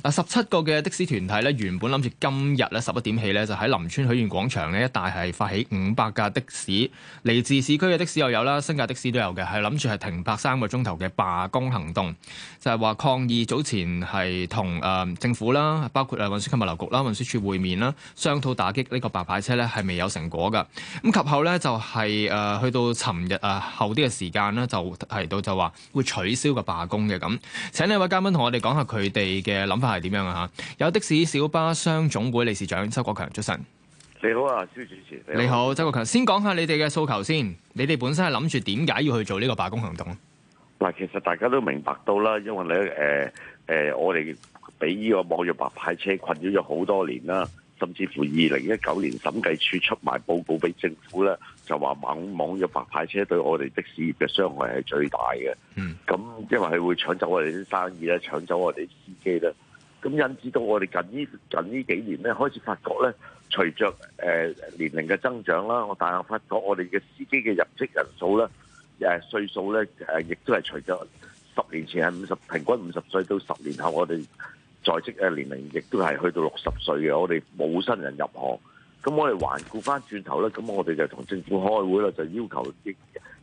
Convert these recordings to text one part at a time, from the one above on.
嗱，十七個嘅的士團體咧，原本諗住今日咧十一點起咧，就喺林村許願廣場咧一帶係發起五百架的士，嚟自市區嘅的，的士又有啦，新界的士都有嘅，係諗住係停泊三個鐘頭嘅罷工行動，就係、是、話抗議早前係同誒政府啦，包括啊運輸及物流局啦、運輸署會面啦，商討打擊呢個白牌車咧，係未有成果嘅。咁及後咧就係、是、誒、呃、去到尋日啊、呃、後啲嘅時間呢，就提到就話會取消個罷工嘅咁。請呢位嘉賓同我哋講下佢哋嘅諗法。係點樣啊？有的士小巴商總會理事長周國強，出晨。你好啊，蕭主持。你好，你好周國強。先講下你哋嘅訴求先。你哋本身係諗住點解要去做呢個罷工行動？嗱，其實大家都明白到啦，因為咧，誒、呃、誒、呃，我哋俾呢個網約白牌車困擾咗好多年啦，甚至乎二零一九年審計署出埋報告俾政府咧，就話猛網約白牌車對我哋的士嘅傷害係最大嘅。嗯。咁即係話係會搶走我哋啲生意咧，搶走我哋司機咧。咁引致到我哋近呢近呢幾年咧，開始發覺咧，隨着誒年齡嘅增長啦，我大略發覺我哋嘅司機嘅入職人數咧，誒歲數咧亦都係隨着十年前係五十平均五十歲，到十年後我哋在職嘅年齡亦都係去到六十歲嘅，我哋冇新人入行。咁我哋環顧翻轉頭咧，咁我哋就同政府開會啦，就要求，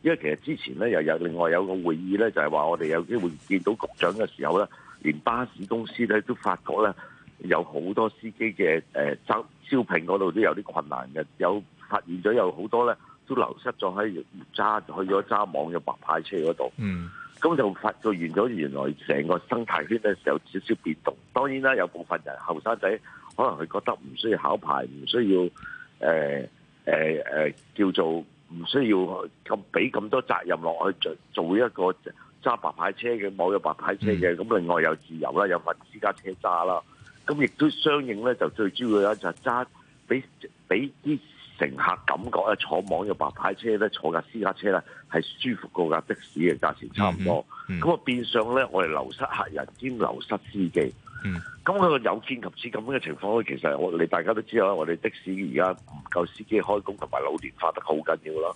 因為其實之前咧又有另外有個會議咧，就係話我哋有機會見到局長嘅時候咧。連巴士公司咧都發覺咧，有好多司機嘅誒招招聘嗰度都有啲困難嘅，有發現咗有好多咧都流失咗喺揸去咗揸網嘅白牌車嗰度。嗯，咁就發覺咗原來成個生態圈咧有少少變動。當然啦，有部分人後生仔可能佢覺得唔需要考牌，唔需要誒誒誒叫做唔需要咁俾咁多責任落去做做一個。揸白牌車嘅網約白牌車嘅，咁、嗯、另外有自由啦，又揾私家車揸啦，咁亦都相應咧，就最主要咧就係揸俾俾啲乘客感覺咧，坐網約白牌車咧，坐架私家車咧係舒服過架的，的士嘅價錢差唔多，咁啊、嗯嗯嗯、變相咧，我哋流失客人兼流失司機。咁佢、嗯、有見及此咁樣嘅情況咧，其實我哋大家都知啦，我哋的士而家唔夠司機開工同埋老年化得好緊要啦。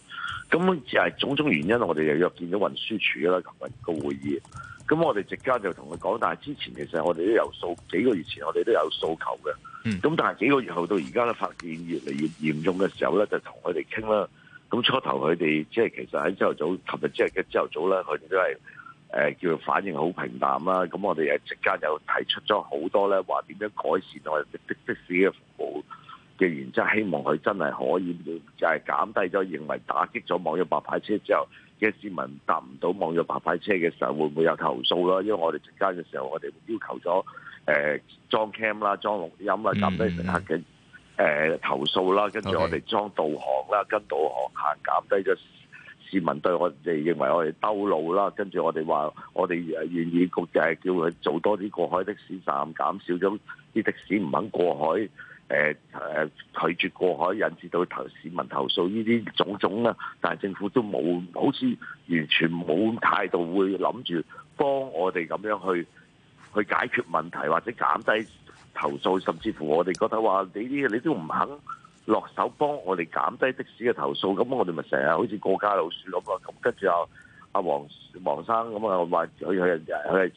咁只係種種原因，我哋又約見咗運輸署啦，琴日個會議。咁我哋直家就同佢講，但係之前其實我哋都有數幾個月前，我哋都有訴求嘅。咁、嗯、但係幾個月後到而家咧，發現越嚟越嚴重嘅時候咧，就同佢哋傾啦。咁初頭佢哋即係其實喺朝頭早，琴日即係嘅朝頭早呢，佢哋都係。誒叫做反應好平淡啦，咁我哋誒即刻又提出咗好多咧，話點樣改善我哋的的士嘅服務嘅原則，希望佢真係可以就係減低咗，認為打擊咗網約白牌車之後嘅市民搭唔到網約白牌車嘅時候，會唔會有投訴啦？因為我哋即刻嘅時候，我哋要求咗誒、呃、裝 cam 啦、裝錄音啊，減低乘客嘅投訴啦，跟住我哋裝導航啦、Okay. 跟導航行，減低咗。市民對我哋認為我哋兜路啦，跟住我哋話我哋願意局就係叫佢做多啲過海的士站，減少咗啲的士唔肯過海，誒誒拒絕過海，引致到市民投訴呢啲種種啦。但係政府都冇，好似完全冇態度會諗住幫我哋咁樣去去解決問題，或者減低投訴，甚至乎我哋覺得話你啲你都唔肯。落手幫我哋減低的士嘅投訴，咁我哋咪成日好似過街老鼠咁咯。咁跟住阿阿黃黃生咁啊，話佢佢係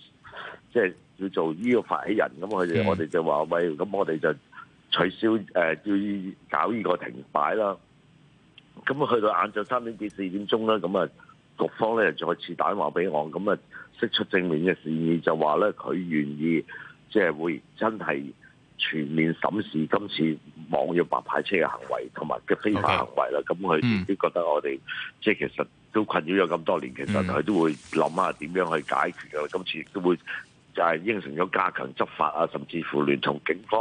即係要做呢個發起人，咁我哋我哋就話喂，咁我哋就取消誒要、呃、搞呢個停擺啦。咁啊，去到晏晝三點幾四點鐘啦，咁啊，局方咧就再次打電話俾我，咁啊釋出正面嘅示意，就話咧佢願意即係會真係全面審視今次。網約白牌車嘅行為同埋嘅非法行為啦，咁佢亦都覺得我哋、嗯、即係其實都困擾咗咁多年，其實佢都會諗下點樣去解決啊！嗯、今次亦都會就係應承咗加強執法啊，甚至乎聯同警方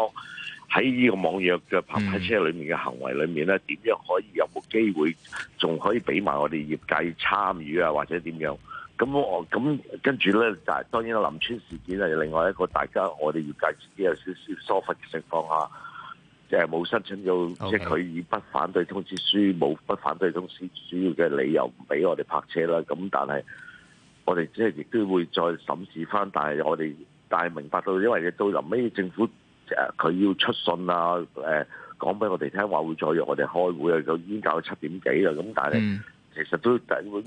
喺呢個網約嘅白牌車裏面嘅行為裏面咧，點樣可以有冇機會仲可以俾埋我哋業界參與啊，或者點樣？咁我咁跟住咧，就係當然林村事件係另外一個大家我哋業界自己有少少疏忽嘅情況下。就冇申請到，Okay. 即係佢以不反對通知書冇不反對通知書嘅理由，唔俾我哋泊車啦。咁但係我哋即係亦都會再審視翻。但係我哋但係明白到，因為到臨尾政府佢、呃、要出信啊，誒、呃、講俾我哋聽話會再約我哋開會啊，就已經搞到七點幾啦。咁但係其實都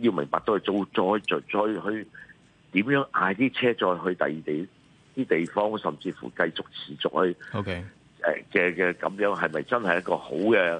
要明白都係做再再，再，再去點樣嗌啲車再去第二地啲地方，甚至乎繼續持續去。Okay. 嘅嘅咁樣係咪真係一個好嘅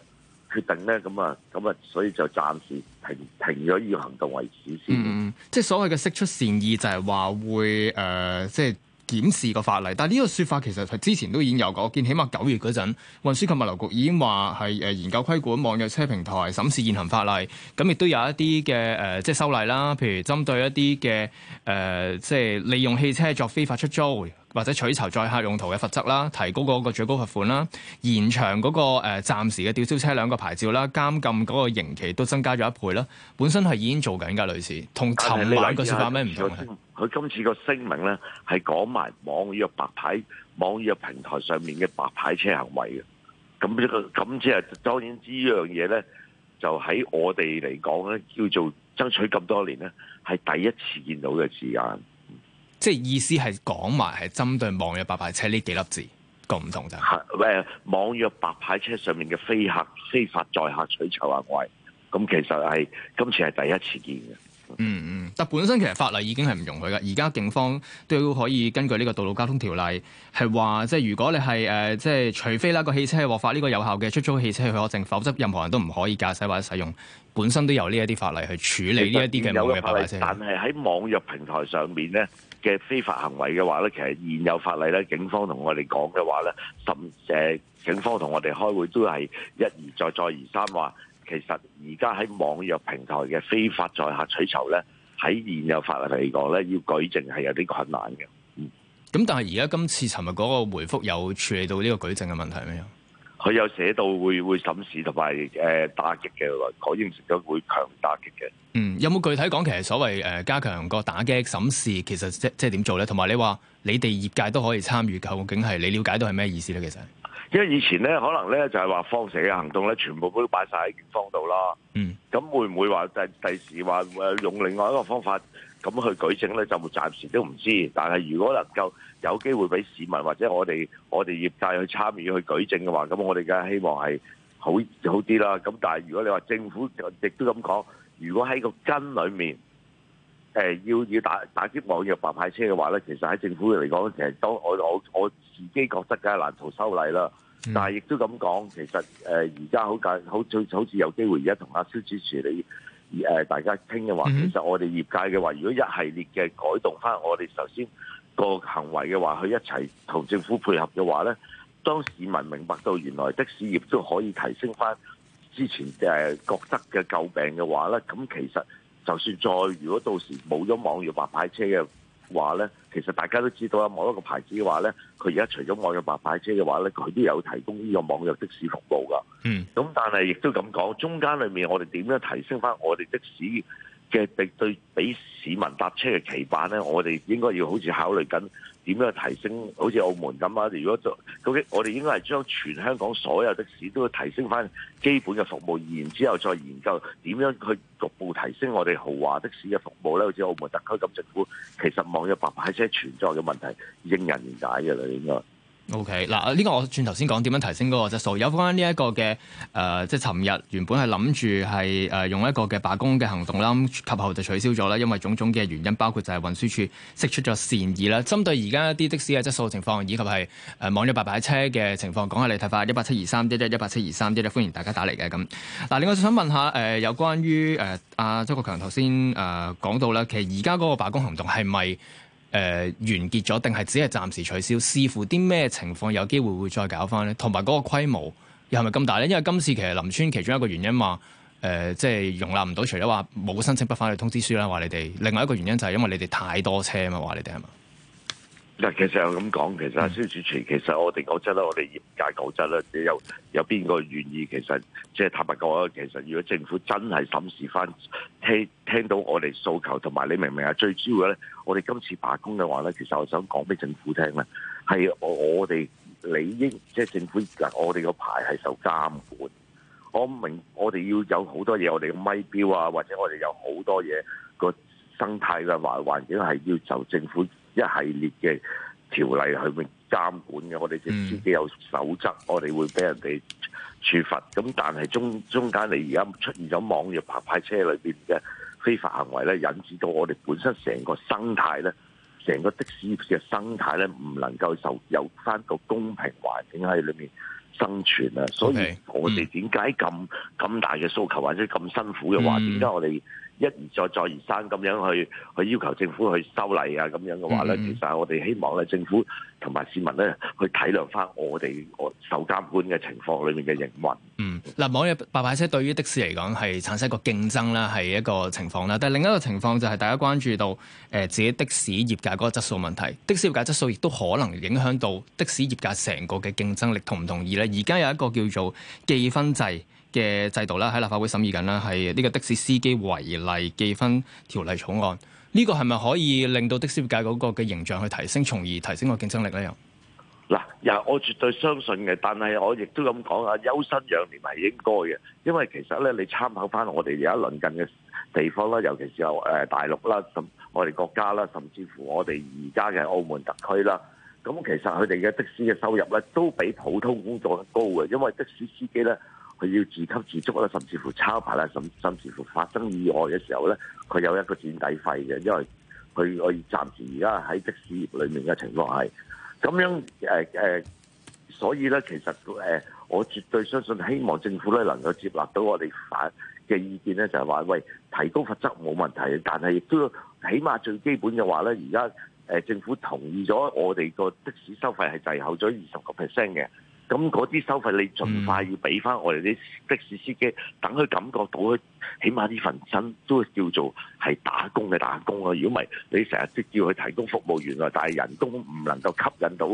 決定咧？咁啊，咁啊，所以就暫時停停咗呢個行動為止先。嗯，即係所謂嘅釋出善意就係話會、呃、即係檢視個法例。但呢個說法其實係之前都已經有過，我見起碼九月嗰陣，運輸及物流局已經話係研究規管網約車平台，審視現行法例。咁亦都有一啲嘅、呃、即係修例啦，譬如針對一啲嘅、呃、即係利用汽車作非法出租。或者取酬載客用途嘅罰則啦，提高嗰個最高罰款啦，延長嗰、那個誒、呃、暫時嘅吊銷車輛個牌照啦，監禁嗰個刑期都增加咗一倍啦。本身係已經做緊㗎，類似同尋晚個説法咩唔同？佢、啊就是、今次個聲明咧係講埋網約白牌、網約平台上面嘅白牌車行為嘅。咁呢個咁即係當然呢，在呢樣嘢咧就喺我哋嚟講咧，叫做爭取咁多年咧，係第一次見到嘅時間。即係意思係講埋係針對網約白牌車呢幾粒字，個唔同啫。係誒，網約白牌車上面嘅非客非法載客取酬行為，咁其實係今次係第一次見嘅。嗯嗯，但本身其實法例已經係唔容許㗎，而家警方都可以根據呢個道路交通條例係話，即係如果你係誒、呃，即係除非啦，個汽車係獲發呢個有效嘅出租汽車許可證，否則任何人都唔可以駕駛或者使用。本身都有呢一啲法例去處理呢一啲嘅冇嘢白牌車。但係喺網約平台上面咧嘅非法行為嘅話咧，其實現有法例咧，警方同我哋講嘅話咧，甚誒警方同我哋開會都係一而再，再而三話。其實而家喺網約平台嘅非法載客取酬咧，喺現有法律嚟講咧，要舉證係有啲困難嘅。嗯，咁但係而家今次尋日嗰個回復有處理到呢個舉證嘅問題咩？佢有寫到會會審視同埋誒打擊嘅，改應成咗會強打擊嘅。嗯，有冇具體講其實所謂誒加強個打擊審視，其實即即係點做咧？同埋你話你哋業界都可以參與，究竟係你了解到係咩意思咧？其實？因為以前咧，可能咧就係話放蛇嘅行動咧，全部都擺晒喺警方度啦。咁會唔會話第第時話用另外一個方法咁去舉證咧？就暫時都唔知。但係如果能夠有機會俾市民或者我哋我哋業界去參與去舉證嘅話，咁我哋梗係希望係好好啲啦。咁但係如果你話政府亦都咁講，如果喺個根裏面誒要要打打擊網約白牌車嘅話咧，其實喺政府嚟講，其實當我我我自己覺得梗係難逃修例啦。嗯、但係亦都咁講，其實誒而家好介好，好似有機會而家同阿蕭主持你誒大家傾嘅話，其實我哋業界嘅話，如果一系列嘅改動翻，我哋首先個行為嘅話，去一齊同政府配合嘅話咧，當市民明白到原來的士業都可以提升翻之前誒覺得嘅詬病嘅話咧，咁其實就算再如果到時冇咗網約白牌車嘅，話咧，其實大家都知道啦。某一個牌子嘅話咧，佢而家除咗網約白牌車嘅話咧，佢都有提供呢個網約的,的士服務噶。嗯。咁但係亦都咁講，中間裏面我哋點樣提升翻我哋的士嘅對對俾市民搭車嘅期盼咧？我哋應該要好似考慮緊點樣提升，好似澳門咁啊！如果就究竟，我哋應該係將全香港所有的士都要提升翻基本嘅服務，然之後再研究點樣去逐步提升我哋豪華的士嘅。好似澳門特區咁，政府其實望咗白牌車存在嘅問題，應人理解嘅喇應該。O K，嗱呢個我轉頭先講點樣提升嗰個質素，有關呢一個嘅誒、呃，即係尋日原本係諗住係誒用一個嘅罷工嘅行動啦，咁及後就取消咗啦，因為種種嘅原因，包括就係運輸署釋出咗善意啦。針對而家一啲的士嘅質素情況，以及係誒網約白牌車嘅情況，講下你睇法一八七二三一一一八七二三一一，23, 11, 23, 11, 歡迎大家打嚟嘅咁。嗱，另外我想問下誒、呃，有關於誒阿周國強頭先誒講到啦，其實而家嗰個罷工行動係咪？誒、呃、完結咗，定係只係暫時取消，視乎啲咩情況有機會會再搞翻咧。同埋嗰個規模又係咪咁大咧？因為今次其實林村其中一個原因話誒，即、呃、係、就是、容納唔到，除咗話冇申請不反對通知書啦，話你哋另外一個原因就係因為你哋太多車啊嘛，話你哋係嘛。嗱，其實我咁講，其實阿肖主席，其實我哋講真啦，我哋業界講真啦，有有邊個願意？其實即係坦白講，其實如果政府真係審視翻，聽聽到我哋訴求，同埋你明唔明啊最主要咧，我哋今次罷工嘅話咧，其實我想講俾政府聽咧，係我哋理應即係，嗱，政府，我哋個牌係受監管，我明我哋，我哋要有好多嘢，我哋嘅咪標啊，或者我哋有好多嘢個生態嘅環環境係要受政府。一系列嘅條例去監管嘅，我哋自己有守則，嗯、我哋會俾人哋處罰。咁但係中中間你而家出現咗網約白牌車裏邊嘅非法行為咧，引致到我哋本身成個生態咧，成個的士嘅生態咧，唔能夠受有翻個公平環境喺裏面生存啊！所以我哋點解咁咁大嘅訴求，或者咁辛苦嘅話，點解、嗯、我哋？一而再再而三咁樣去去要求政府去修例啊咁樣嘅話咧，嗯、其實我哋希望咧政府同埋市民咧去體諒翻我哋我受監管嘅情況裏面嘅營運。嗯，嗱，網約白牌車對於的士嚟講，係產生一個競爭啦，係一個情況啦。但係另一個情況就係大家關注到誒自己的士業界嗰個質素問題，的士業界質素亦都可能影響到的士業界成個嘅競爭力同唔同意咧。而家有一個叫做記分制。嘅制度啦，喺立法會審議緊啦，係呢個的士司機違例記分條例草案，呢、這個係咪可以令到的士界嗰個嘅形象去提升，從而提升個競爭力咧？又嗱，又我絕對相信嘅，但係我亦都咁講啊，休生養年係應該嘅，因為其實咧，你參考翻我哋而家鄰近嘅地方啦，尤其是有、呃、誒大陸啦，甚我哋國家啦，甚至乎我哋而家嘅澳門特區啦，咁其實佢哋嘅的士嘅收入咧，都比普通工作高嘅，因為的士司機咧。佢要自給自足啦，甚至乎抄牌啦，甚甚至乎發生意外嘅時候咧，佢有一個墊底費嘅，因為佢可以暫時而家喺的士業裡面嘅情況係咁樣誒誒、呃呃，所以咧其實誒，我絕對相信希望政府咧能夠接納到我哋反嘅意見咧、就是，就係話喂，提高罰則冇問題，但係亦都起碼最基本嘅話咧，而家誒政府同意咗我哋個的，的士收費係滯後咗二十個 percent 嘅。咁嗰啲收費你盡快要俾翻我哋啲的，的士司機，等佢、嗯、感覺到，起碼呢份薪都叫做係打工嘅打工啊！如果唔係，你成日即叫佢提供服務員啊，但係人工唔能夠吸引到，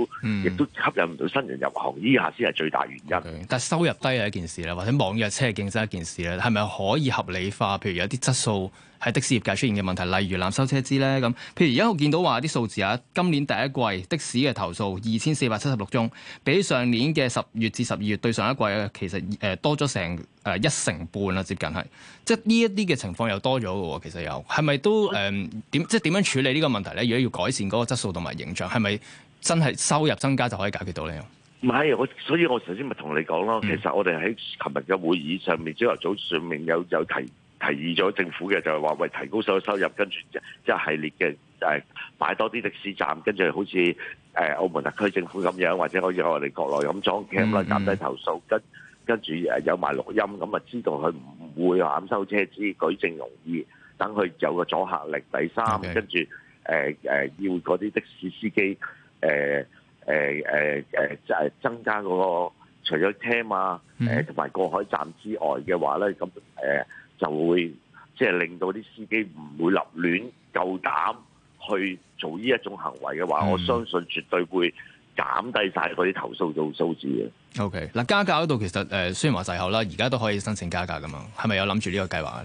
亦都吸引唔到新人入行，呢下先係最大原因。嗯、okay，但收入低係一件事啦，或者網約車競爭一件事啦，係咪可以合理化？譬如有啲質素。係的士業界出現嘅問題，例如濫收車資咧咁。譬如而家我見到話啲數字啊，今年第一季的士嘅投訴二千四百七十六宗，比上年嘅十月至十二月對上一季其實誒、呃、多咗成誒、呃、一成半啦，接近係。即係呢一啲嘅情況又多咗嘅喎，其實又係咪都誒點、呃、即係點樣處理呢個問題咧？如果要改善嗰個質素同埋形象，係咪真係收入增加就可以解決到咧？唔係我，所以我頭先咪同你講咯。其實我哋喺琴日嘅會議上面，朝頭早上面有有提議。提議咗政府嘅就係、是、話，為提高所有收入，跟住即係系列嘅誒、呃、擺多啲的士站，跟住好似誒、呃、澳門特區政府咁樣，或者可以喺我哋國內咁裝 cam 啦，減低、mm hmm. 投訴，跟跟住有埋錄音，咁啊知道佢唔會濫收車資，舉證容易，等佢有個阻嚇力。第三，Okay. 跟住誒誒要嗰啲的士司機誒誒即係增加嗰、那個除咗車啊同埋、呃、過海站之外嘅話咧，咁誒。呃呃就會即係、就是、令到啲司機唔會立亂夠膽去做呢一種行為嘅話，嗯、我相信絕對會減低晒嗰啲投訴數數字嘅。O K. 嗱，加價嗰度其實誒、呃，雖然話滯後啦，而家都可以申請加價噶嘛，係咪有諗住呢個計劃啊？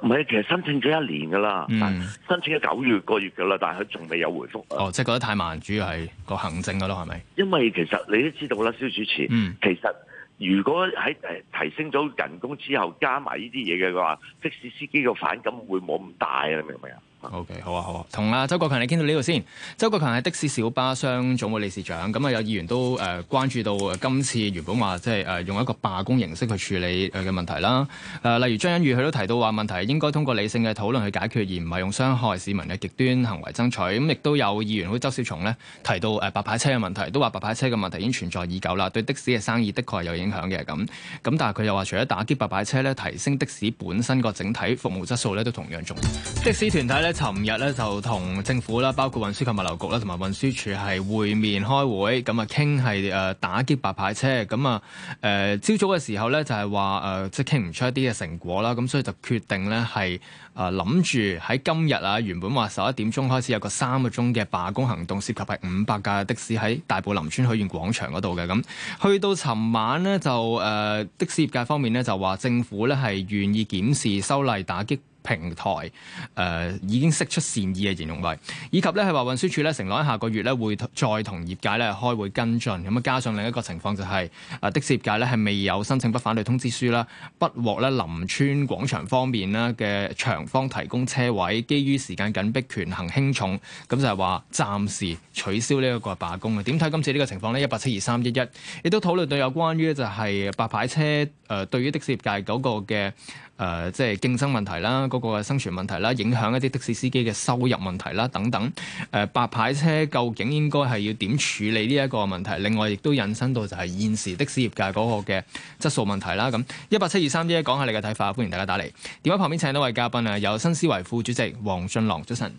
唔咪其實申請咗一年噶啦，嗯、但申請咗九月個月噶啦，但係佢仲未有回覆。哦，即係覺得太慢，主要係個行政噶咯，係咪？因為其實你都知道啦，蕭主持，嗯、其實。如果喺誒提升咗人工之後加埋呢啲嘢嘅話，的士司機嘅反感會冇咁大啊！你明唔明啊？O.K. 好啊，好啊，同啊周國強你傾到呢度先。周國強係的士小巴商總會理事長，咁啊有議員都誒、呃、關注到今次原本話即係用一個罷工形式去處理嘅、呃、問題啦、呃。例如張欣宇，佢都提到話問題應該通過理性嘅討論去解決，而唔係用傷害市民嘅極端行為爭取。咁亦都有議員好似周小松咧提到誒、呃、白牌車嘅問題，都話白牌車嘅問題已經存在已久啦，對的士嘅生意的確係有影響嘅。咁咁但係佢又話除咗打擊白牌車咧，提升的士本身個整體服務質素咧都同樣重要。 的士團體咧。尋日咧就同政府啦，包括運輸及物流局啦，同埋運輸署係會面開會，咁啊傾係誒打擊白牌車，咁啊誒朝早嘅時候咧就係話誒即係傾唔出一啲嘅成果啦，咁所以就決定咧係誒諗住喺今日啊，原本話十一點鐘開始有個三個鐘嘅罷工行動，涉及係五百架的士喺大埔林村許願廣場嗰度嘅，咁去到尋晚咧就誒、呃、的士業界方面咧就話政府咧係願意檢視修例打擊。平台誒、呃、已經釋出善意嘅形容嚟，以及咧係話運輸署咧承諾喺下個月咧會再同業界咧開會跟進。咁啊，加上另一個情況就係、是、啊、呃、的士業界咧係未有申請不反對通知書啦，不獲咧林村廣場方面咧嘅場方提供車位，基於時間緊迫，權衡輕重，咁就係話暫時取消呢一個罷工啊。點睇今次呢個情況呢？一八七二三一一亦都討論到有關於就係白牌車誒對於的士業界嗰個嘅。誒、呃，即係競爭問題啦，嗰、那個生存問題啦，影響一啲的士司機嘅收入問題啦，等等。誒、呃，白牌車究竟應該係要點處理呢一個問題？另外，亦都引申到就係現時的士業界嗰個嘅質素問題啦。咁一八七二三一，講下你嘅睇法，歡迎大家打嚟。電話旁邊請到位嘉賓啊，由新思維副主席黃俊瑯，早晨。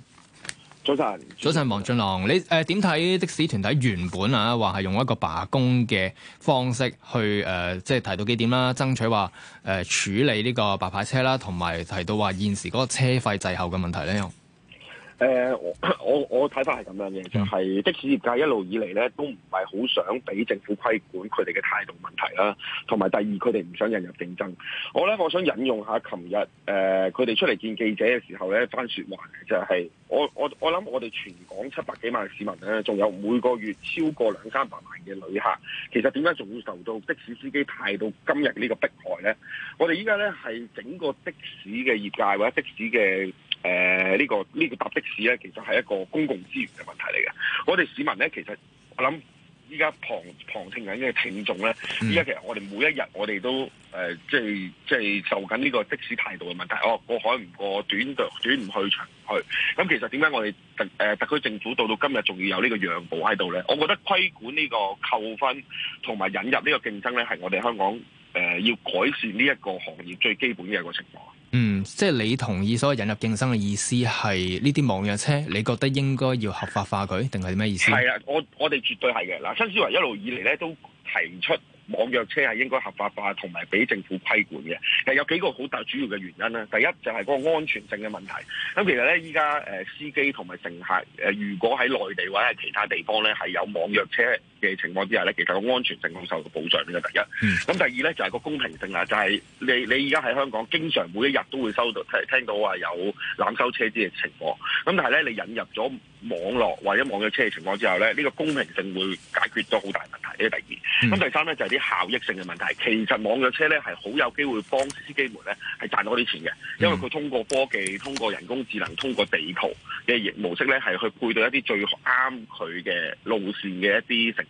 早晨，早晨，黃俊瑯，你點睇，呃、的士團體原本啊，話係用一個罷工嘅方式去誒、呃、即係提到幾點啦，爭取話誒、呃、處理呢個白牌車啦，同埋提到話現時嗰個車費滯後嘅問題咧？呃、我我我睇法係咁樣嘅，就係 Yeah. 的士業界一路以嚟咧，都唔係好想俾政府規管佢哋嘅態度問題啦，同埋第二佢哋唔想引入競爭。我咧，我想引用下琴日誒佢哋出嚟見記者嘅時候咧，一番說話，就係，就係我我我諗我哋全港七百幾萬嘅市民咧，仲有每個月超過兩三百萬嘅旅客，其實點解仲會受到的士司機態度今日呢個迫害咧？我哋依家咧係整個的士嘅業界或者的士嘅。誒，呢、呃這個呢、這個搭的士咧，其實係一個公共資源嘅問題嚟嘅。我哋市民咧，其實我諗依家旁旁聽緊嘅聽眾咧，依家其實我哋每一日我哋都誒、呃，即係即係受緊呢個的士態度嘅問題。哦，過海唔過，短短唔去長唔去。咁其實點解我哋特誒、呃、特區政府到到今日仲要有呢個讓步喺度咧？我覺得規管呢個扣分同埋引入呢個競爭咧，係我哋香港誒、呃、要改善呢一個行業最基本嘅一個情況。嗯，即係你同意所謂引入競爭嘅意思係呢啲網約車，你覺得應該要合法化佢，定係咩意思？係啊，我我哋絕對係嘅。嗱，新思維一路以嚟咧都提出網約車係應該合法化，同埋俾政府批管嘅。其實有幾個好大主要嘅原因咧。第一就係、是、個安全性嘅問題。咁其實咧，依家誒司機同埋乘客誒，如果喺內地或者係其他地方咧，係有網約車，嘅情況之下咧，其實個安全性會受到保障呢個第一。咁第二咧就係個公平性啊，就係、是、你你而家喺香港經常每一日都會收到聽到話有攬收車資嘅情況。咁但係咧你引入咗網絡或者網約車嘅情況之後咧，呢、這個公平性會解決咗好大問題。呢個第二。咁第三咧就係啲效益性嘅問題。其實網約車咧係好有機會幫司機們咧係賺多啲錢嘅，因為佢通過科技、通過人工智能、通過地圖嘅模式咧係去配對一啲最啱佢嘅路線嘅一啲成。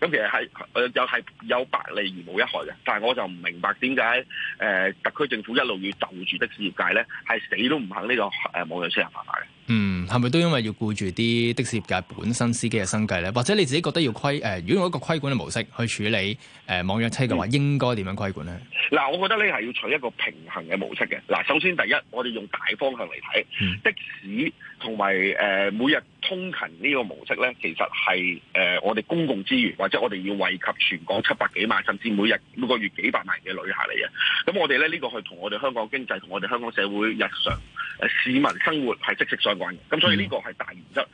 咁其實係又係有百利而無一害嘅，但係我就唔明白點解誒特區政府一路要就住的士業界咧，係死都唔肯呢個誒網約車合法嘅。嗯，係咪都因為要顧住啲的士業界本身司機嘅生計咧？或者你自己覺得要規誒、呃，如果用一個規管嘅模式去處理誒、呃、網約車嘅話，嗯、應該點樣規管咧？嗱，我覺得呢係要取一個平衡嘅模式嘅。嗱，首先第一，我哋用大方向嚟睇的士。嗯同埋誒每日通勤呢個模式呢，其實係誒、呃、我哋公共資源，或者我哋要惠及全港七百幾萬，甚至每日每個月幾百萬嘅旅客嚟嘅。咁我哋呢，呢、呢個係同我哋香港經濟同我哋香港社會日常市民生活係息息相關嘅。咁所以呢個係大原則。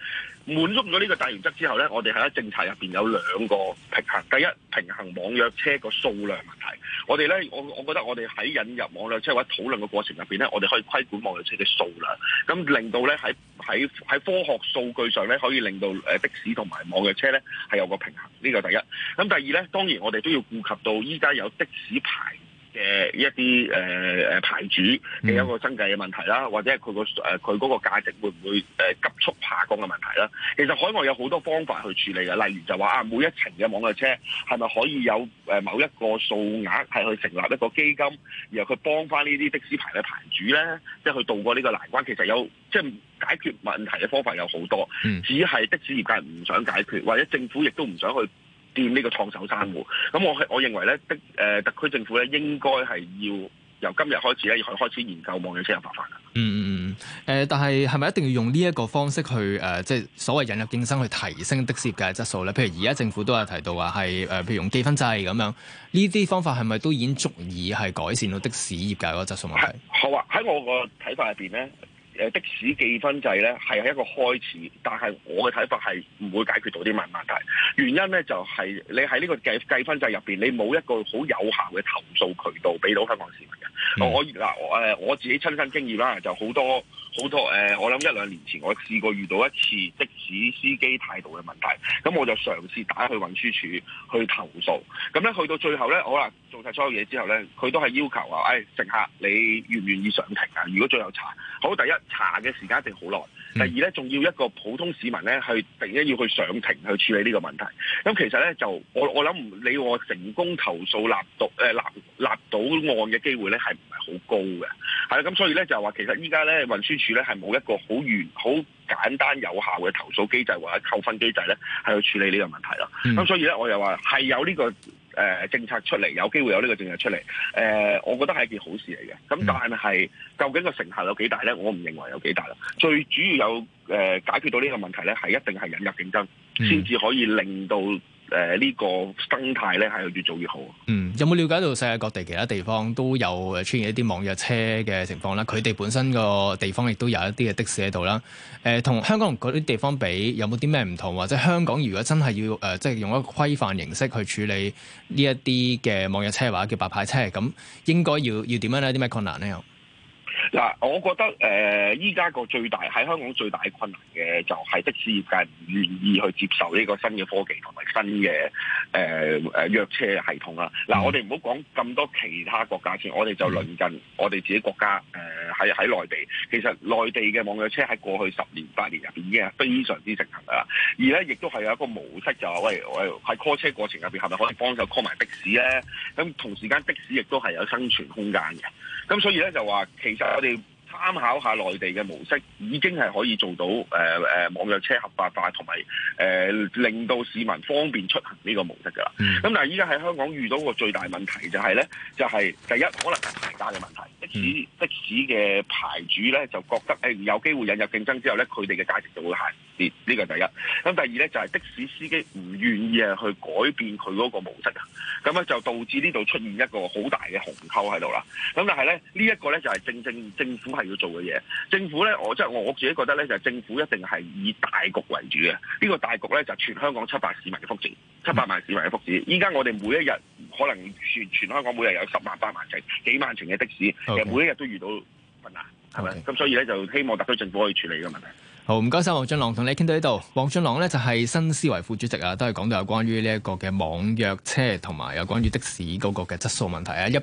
滿足咗呢個大原則之後呢，我哋喺政策入邊有兩個平衡。第一，平衡網約車個數量問題。我哋呢，我我覺得我哋喺引入網約車或者討論嘅過程入邊呢，我哋可以規管網約車嘅數量，咁、嗯、令到呢，喺喺喺科學數據上呢，可以令到誒的士同埋網約車呢係有個平衡。呢個第一。咁、嗯、第二呢，當然我哋都要顧及到依家有的士牌，嘅一啲誒誒牌主嘅一個生計嘅問題啦，或者佢個誒佢嗰個價值會唔會誒急速下降嘅問題啦？其實海外有好多方法去處理嘅，例如就話啊，每一程嘅網約車係咪可以有誒某一個數額係去成立一個基金，然後佢幫翻呢啲的士牌嘅牌主咧，即係去渡過呢個難關？其實有即係解決問題嘅方法有好多，只係的士業界唔想解決，或者政府亦都唔想去。呢個創守生活，咁我係我認為咧的誒特區、呃、政府咧應該係要由今日開始咧要開始研究網約車合法化嗯嗯嗯。誒、呃，但係係咪一定要用呢一個方式去誒、呃，即係所謂引入競爭去提升的士業界質素咧？譬如而家政府都有提到話係誒，譬如用記分制咁樣，呢啲方法係咪都已經足以係改善到的士業界嗰、那個質素問題？係好啊！喺我個睇法入邊咧。的士計分制咧係一個開始，但係我嘅睇法係唔會解決到啲問題。原因呢就係你喺呢個計計分制入邊，你冇一個好有效嘅投訴渠道俾到香港市民嘅。嗯、我嗱我自己親身經驗啦，就好多好多誒，我諗一兩年前我試過遇到一次的士司機態度嘅問題，咁我就嘗試打去運輸署去投訴。咁呢，去到最後呢，我啦做晒所有嘢之後呢，佢都係要求話：誒、哎、乘客，你願唔願意上庭啊？如果最後查？好，第一查嘅時間一定好耐，第二咧仲要一個普通市民咧，去第一要去上庭去處理呢個問題。咁其實咧就我我諗唔你我成功投訴立到誒立到案嘅機會咧係唔係好高嘅？係啦，咁所以咧就話其實依家咧運輸署咧係冇一個好完好簡單有效嘅投訴機制或者扣分機制咧，係去處理呢個問題啦。咁、嗯、所以咧我又話係有呢、這個。誒、呃、政策出嚟有機會有呢個政策出嚟，誒、呃、我覺得係一件好事嚟嘅。咁但係究竟個成效有幾大咧？我唔認為有幾大啦。最主要有誒、呃、解決到呢個問題咧，係一定係引入競爭，先至可以令到。誒呢個生態咧係越做越好。嗯，有冇了解到世界各地其他地方都有出現一啲網約車嘅情況啦？佢哋本身個地方亦都有一啲嘅的士喺度啦。誒、呃，同香港同嗰啲地方比，有冇啲咩唔同？或者香港如果真係要誒，即、呃、係、就是、用一個規範形式去處理呢一啲嘅網約車話叫白牌車，咁應該要要點樣咧？啲咩困難咧？嗱，我覺得誒，依家個最大喺香港最大嘅困難嘅，就係的士業界唔願意去接受呢個新嘅科技同埋新嘅誒誒約車系統啦。嗱、呃，我哋唔好講咁多其他國家先，我哋就鄰近我哋自己國家誒，呃係喺內地，其實內地嘅網約車喺過去十年八年入邊已經係非常之盛行㗎啦。而咧，亦都係有一個模式，就係，就係喂喂，喺 call 車過程入邊，係咪可以幫手 call 埋的士咧？咁、嗯、同時間的士亦都係有生存空間嘅。咁、嗯、所以咧，就話其實我哋。參考下內地嘅模式，已經係可以做到誒誒、呃、網約車合法化，同埋誒令到市民方便出行呢個模式㗎啦。咁、mm. 但係依家喺香港遇到個最大問題就係、是、咧，就係、是、第一可能係牌價嘅問題、mm. 的，的士的士嘅牌主咧就覺得誒、哎、有機會引入競爭之後咧，佢哋嘅價值就會下跌，呢、這個係第一。咁第二咧就係、是、的士司機唔願意去改變佢嗰個模式啊，咁咧就導致呢度出現一個好大嘅鴻溝喺度啦。咁但係咧呢一、這個咧就係正正政府係。要做嘅嘢，政府咧，我即係我自己覺得咧，就係政府一定係以大局為主嘅。呢、呢個大局咧，就係、全香港七百市民嘅福祉，七百萬市民嘅福祉。依家我哋每一日可能全全香港每日有十萬、八萬程、幾萬程嘅的、的士，其實 Okay. 每一日都遇到困難，係咪 Okay.？咁所以咧，就希望特區政府可以處理嘅問題。好，唔該晒，黃俊瑯，同你傾到呢度。黃俊瑯咧就係新思維副主席啊，都係講到有關於呢一個嘅網約車同埋有關於的士嗰個嘅質素問題啊。